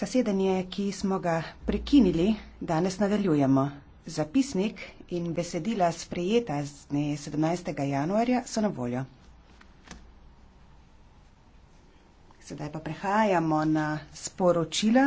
Zasedanje, ki smo ga prekinili, danes nadaljujemo. Zapisnik in besedila sprejeta z dne 17. januarja so na voljo. Sedaj pa prehajamo na sporočila,